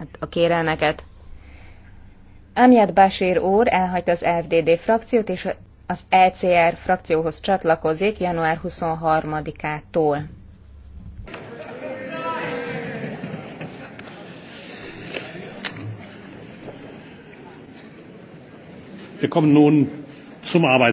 Hát, a kérelmeket. Amiad Basír úr elhagyta az FDD frakciót, és az ECR frakcióhoz csatlakozik január 23-ától. Wir kommen nun zum